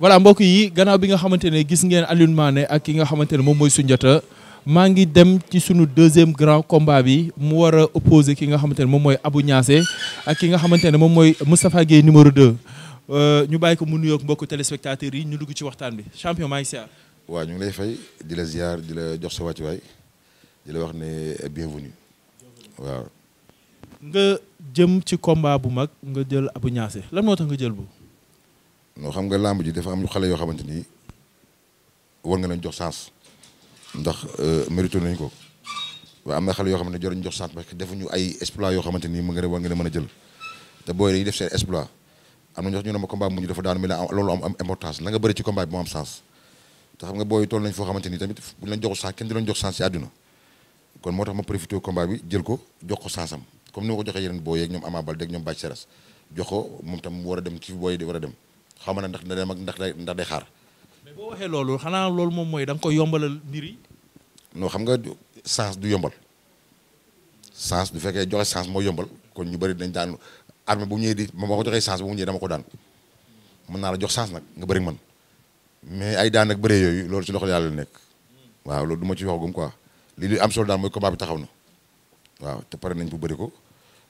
voilà mbokk yi gannaaw bi nga xamante ne gis ngeen Alioune Mané ak ki nga xamante ne moom mooy Soundiata maa ngi dem ci suñu deuxième grand combat bi mu war a opposé ki nga xamante ne moom mooy abu Niassé ak ki nga xamante ne moom mooy Moustapha Guèye numéro 2 euh, ñu bàyyi ko mu nuyook mbokku téléspectateurs yi ñu dugg ci waxtaan bi champion maa ngi siyaar. waaw ñu lay fay di la ziar di la jox sa wàccuwaay di la wax ne bienvenue waaw. nga jëm ci combat bu mag nga jël Abou Niassé lan moo tax nga jël bu noo xam nga làmb ji dafa am xale yoo xamante ni war nga leen jox chance ndax euh, mérité nañ ko waaye am na xale yoo xam ne joruñ jox chance parce que defuñu ay exploit yoo xamante ni mu nga ne war nga mën a jël te booy dañuy def seen exploit am na ñu ne ma combat mujj dafa daanu mi la ah, loolu am importance la nga ci combat bi moo sens te xam nga booy toll nañ foo xamante ni tamit bu ñu leen joxul chance kenn du leen jox chance ci àdduna kon moo tax ma profité combat bi jël ko jox ko chance am comme ni ma ko joxee yeneen booy yeeg ñoom Ama Baldé ak ñoom Bathie Seras war dem ci booy di war a dem xaw ma ne ndax dana mag ndax day ndax xaar. mais xanaa loolu moom mooy da koy yombalal mbir yi. xam nga sens du yombal sens du fekkee joxe sens moo yombal kon ñu bari dañ daan armée bu ñëwee di ma ko joxee sens bu mu ñëwee dama ko daan mën naa la jox sens nag nga bari man mais ay daan nag bëree yooyu loolu si loxo yàlla la nekk waaw loolu du ma ci wax gum quoi li li am solo daal mooy combat bi taxaw na waaw te pare nañ bu bari ko.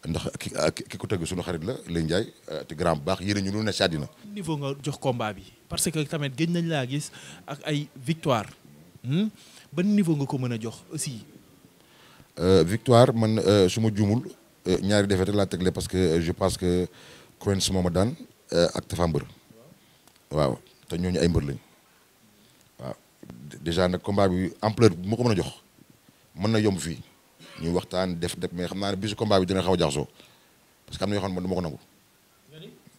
ndax ki ah, ki ko tëgg suñu xarit la Lay Ndiaye ah, te grand bu baax yéen ñu lu ne si àddina niveau nga jox combat bi parce que tamit gëj nañ laa gis ak ay victoire hmm? ban niveau nga ko mën a jox aussi. Euh, victoire man euh, su ma juumul euh, ñaari défaite laa tegle parce que je pense que Quench moom a daan ak Tafa mbër waaw te ñooñu ay mbër lañ waaw. déjà nag combat bi empleur bi ma ko mën a jox mën na yomb fii. ñu waxtaan def def mais xam naa ne bisu combat bi dina xaw a jaxasoo parce que am na yoo xam ne man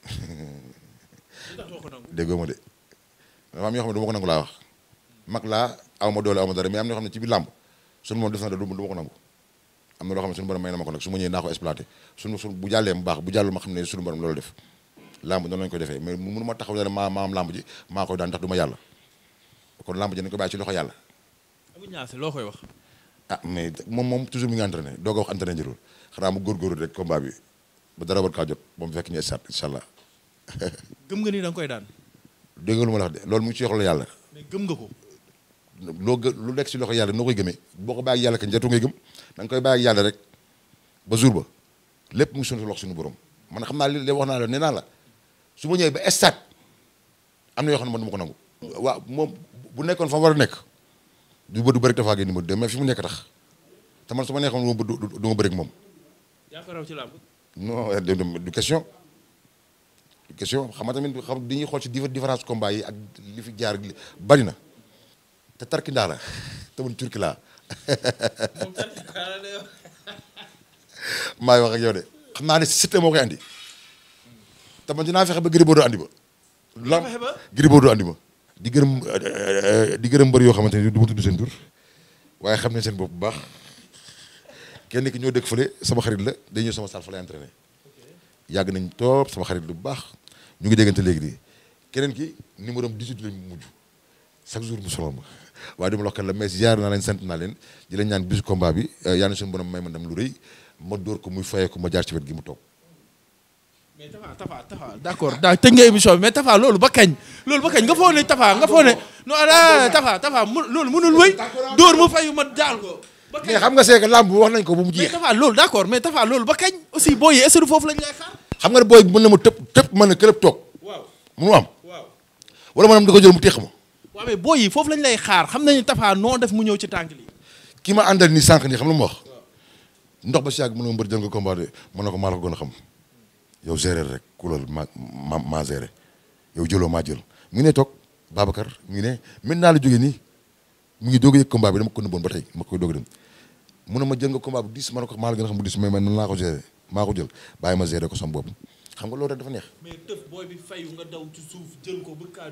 ko nangu. déggoo ma de dafa ma ko nangu laa wax. mag laa aw ma doole ma dara mais am na yoo xam ne ci biir làmb suñu moom def na du ma ko nangu. am na loo xam ne ma ko nag su ma ñëwee naa ko exploité suñu suñ bu jàllee mu baax bu jàllul ma xam ne suñu borom loolu def làmb noonu lañ koy defee mais mënu ma tax ne maa maa am làmb ji maa koy daan ndax du ma yàlla kon làmb ji nañ ko bàyyi ci loxo yàlla. loo koy wax. ah moom moom toujours mi ngi entraîné doo ko wax entraîné jërul xanaa mu góorgóorlu rek combat bi ba dara war kaa jot moom fekk ñu sat incha gëm nga ni da koy daan. dégg lu la wax loolu mu ngi ci yàlla. mais gëm nga ko. loo gë lu nekk si loxo yàlla noo koy gëmee boo ko bàyyi yàlla kañ jatu ngay gëm da nga koy bàyyi yàlla rek ba suur ba lépp mu su suñu loxo suñu borom man xam naa li li wax naa la nee naa la su ma ñëwee ba stade am na yoo xam ne man du ma ko nangu. waaw moom bu nekkoon fa war a nekk. du bë du bëri Tapha Gueye numéro 2 fi mu nekk tax te man su ma neexoon du ma bë du ma bëri moom. yaa ko raw ci làmb. Euh, du question du question xam nga xool ci différence combat yi ak li fi jaar bari na te tarkindaa la te man turki laa. wax ak yow de xam naa ne Siteu moo koy andi. te man dinaa fexe ba Gris Bordeaux andi ba. lan Gris Bordeaux andi ma. di gërëm euh, euh, di gërëm mbër yoo xamante ni du ma tudd seen tur waaye xam nañ seen bopp bu baax kenn ki ñoo dëkk fële sama xarit la day ñëw sama salle fa lay entraîné yàgg nañ toog sama xarit bu baax ñu ngi déggante léegi di keneen ki numéro am 18 lañ mujj chaque jour mu solo ma waaye du ma wax kan la mais ziar naa leen sant naa leen di leen ñaan bisu combat bi euh, yaa na suñu a may ma ndam lu rëy ma dóor ko muy fayee ko ma jaar ci wet gi mu toog. mais Tafa Tafa Tafa d' accord daa tëj nga émission bi mais Tafa loolu ba kañ. loolu ba kañ nga foog ne Tafa nga foog ne non ah Tafa loolu mënul wéy dóor mu fayu ma daal ko. ba kañ mais xam nga c'est que wax nañ ko bu mu jeex. mais Tafa loolu mais Tafa loolu ba kañ aussi booy yi est ce que foofu lañ lay xaar. xam nga ne booy ma tëb tëb mën na këlëb toog. waaw mënu am. waaw wala maanaam da ko jël mu teex ma. waaw mais booy yi foofu lay xaar xam nañu tafaa noo def mu ñëw ci tànk kii ma àndal ni sànq nii xam ne ma wax ndox ba si yàgg mën na ma mbër jël nga de mën na ko maa la ko gën a xam yow gérer rek kulal ma ma maa yow jëloo maa jël mu ngi ne toog Babacar mu ngi ne maintenant la jógee nii mu ngi doog a yëg combat bi dama ko nëbboon ba tey ma koy doog dem mu ma jël nga combat bu ma ne ko maa la gën a xam bu diis mais man nan laa ma gérer ko sama bopp xam nga dafa neex. mais tëf nga daw ci suuf ko ba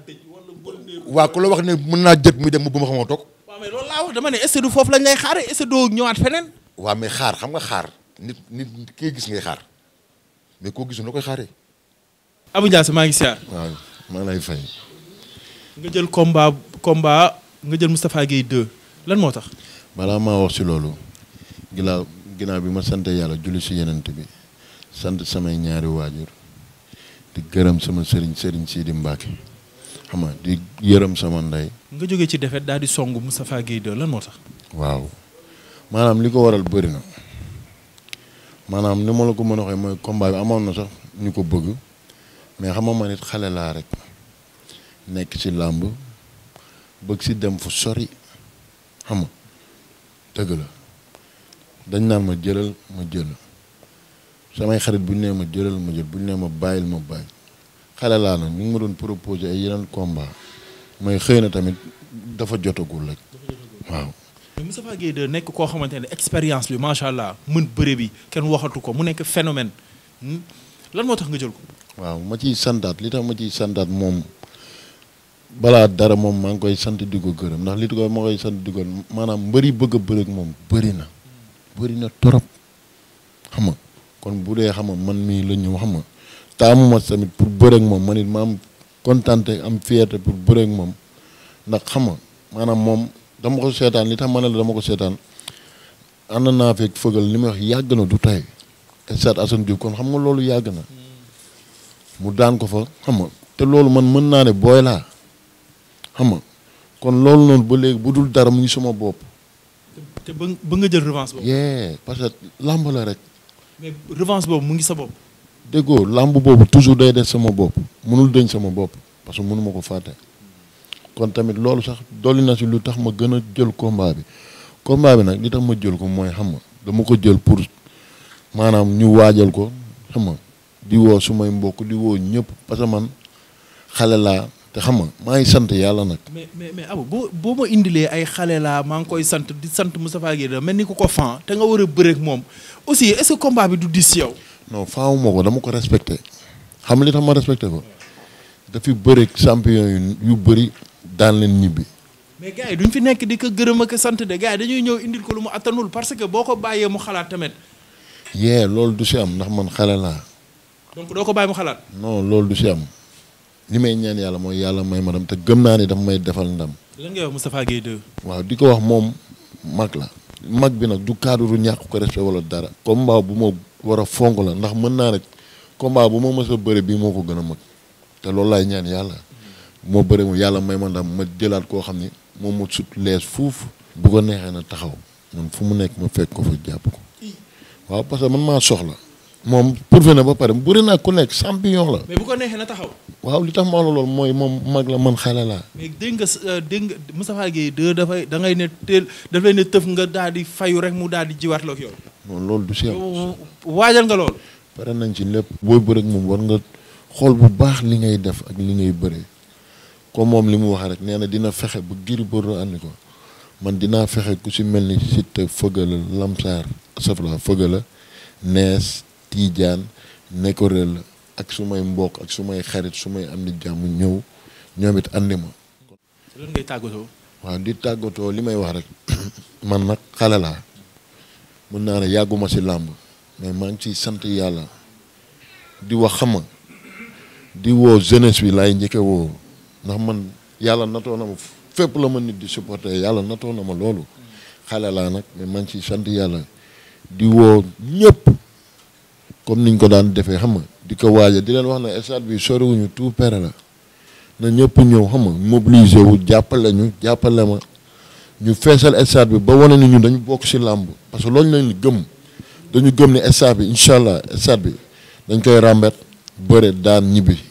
la wax ne mën naa jët muy dem ba ma xamoo toog. waaw loolu laa wax dama ne est du foofu lañ lay xaar est-ce doo ñëwaat feneen. waa mais xaar xam nga xaar nit nit kii gis ngay xaar mais koo gisul na koy xaaree. Abou Ndiassé maa ngi siyaar. waaw maa lay fay. nga jël combat combat nga jël Moustapha Guèye 2 lan moo tax. balaa maa wax si loolu. ginnaaw ginnaaw bi ma sante yàlla julli si yenent bi sant samay ñaari waajur di gërëm sama sëriñ sëriñ Sidi Mbacke xam nga di yërëm sama ndey. nga jóge ci defet daal di songu Moustapha Guèye 2 lan moo tax. waaw maanaam li ko waral bëri na. maanaam ni ma la ko mën a waxee mooy combat bi amoon na sax ñu ko bëgg mais xam ma man it xale laa rek nekk ci làmb bëgg si dem fu sori xam nga dëgg la dañ naan ma jëlal ma jël samay xarit bu ñu nee ma jëlal ma jël bu ñu nee ma bàyyil ma bàyyi xale laa nag ñu ngi ma doon proposé ay yeneen combat mooy xëy na tamit dafa jotagul rek waaw. mais Moustapha Guèye de nekk koo xamante ne expérience bi macha allah mën bëre bi kenn waxatu ko mu nekk phénomène hmm? lan moo tax nga jël ko. waaw ma ciy santaat li tax ma ciy santaat moom balaa dara moom maa ngi koy sant di ko gërëm ndax li ko ma koy sant di ko maanaam mbëri bëgg a moom bëri na. bëri na torop xam nga kon bu dee xam man mii la ñu xam nga taamu tamit pour bëreeg moom man it ma am kontaan am fierté pour bëreeg moom ndax xam nga maanaam moom. dama ko seetaan li tax ma ne la dama ko seetaan ànd naa fekk fëgal li may wax yàgg na du tey stade Assane Diouf kon xam nga loolu yàgg na hmm. mu daan ko fa xam nga te loolu man mën naa ne booy laa xam nga kon loolu noonu ba léegi bu dul dara mu ngi suma bopp. te ba nga jël revanche boobu. yee parce que làmb la rek. mais revanche boobu mu ngi sa bopp. déggoo làmb boobu toujours day def sama bopp mënul deñ sama bopp parce que mënuma ko fàtte. kon tamit loolu sax dolli na si lu tax ma gën a jël komba bi combat bi nag li tax ma jël ko mooy xam nga dama ko jël pour maanaam ñu waajal ko xam nga di woo sumay mbokk di woo ñëpp parce que man xale laa te xam nga maa ngi sant yàlla nag. mais mais mais Abou boo boo ma indilee ay xale laa maa ngi koy sant di sant Moustapha Guèye da mel ni ko ko fan te nga war a bëreeg moom aussi est-ce bi du dis yow. non faawuma ko dama ko respecté xam li tax ma respecté ko dafi bëreeg champion yu bëri daan leen ñibbi. mais gars yi duñ fi nekk di ko gërëm ak sant de gars yi dañuy ñëw indil ko lu mu attanul parce que boo ko bàyyee mu xalaat tamit. yee loolu du si am ndax man xale laa. donc doo ko bàyyi mu xalaat. non loolu du si am li may ñaan yàlla mooy yàlla may ma dem te gëm naa ni dafa may defal ndam. lan ngay wax Moustapha Gueye 2. waaw di ko wax moom mag la. mag bi nag du cadre ñàkk ko respect wala dara. combat bu ma war a fonk la ndax mën naa rek combat bu ma mës a bëre bii moo ko gën a mag te loolu laay ñaan yàlla. moo bëri mu yàlla may ma ndam ma jëlaat koo xam ni moom ma sut lees fuuf bu ko neexee na taxaw man fu mu nekk ma fekk ko fa jàpp ko waaw parce que man maa soxla moom prouvé na ba pare bëri naa ku nekk champion la. mais bu ko neexee na taxaw. waaw li tax ma la lool mooy moom mag la man xale laa. dégg nga euh, dégg nga Moustapha Gueye de dafay da ngay ne teel daf ne tëf nga daal di fayu rek mu daal di jiwaat la ak yow. loolu du si waajal nga lool. pare nañ ci lépp booy bëreeg moom war nga xool bu baax li ngay def ak li ngay bëree. comme moom li mu wax rek nee na dina fexe bu Gris Bordeaux andi ko man dinaa fexe ku ci mel ni Siteu Fëgala Lamsaar safla la Nees Tiijaan Nekorel ak su may mbokk ak su may xarit su may am ni jàmm ñëw ñoomit it andi ma. waaw di tàggatoo li may wax rek man nag xale laa mën naa ne yàgguma si làmb mais maa ngi ciy sant yàlla di wax xama di woo jeunesse bi lay njëkke woo ndax man yàlla natoo na ma fépp la ma nit di supporter yàlla natoo na ma loolu xale laa nag mais man ci sant yàlla di woo ñëpp comme niñ ko daan defee xam nga di ko waaja di leen wax ne stade bi soriwuñu tout pere la na ñëpp ñëw xam nga mobiliser wu jàppale ñu jàppale ma ñu feesal stade bi ba wane ni ñu dañu bokk ci làmb parce que loolu lañ gëm dañu gëm ni stade bi incha allah stade bi dañ koy ràmbet bëre daan ñibbi.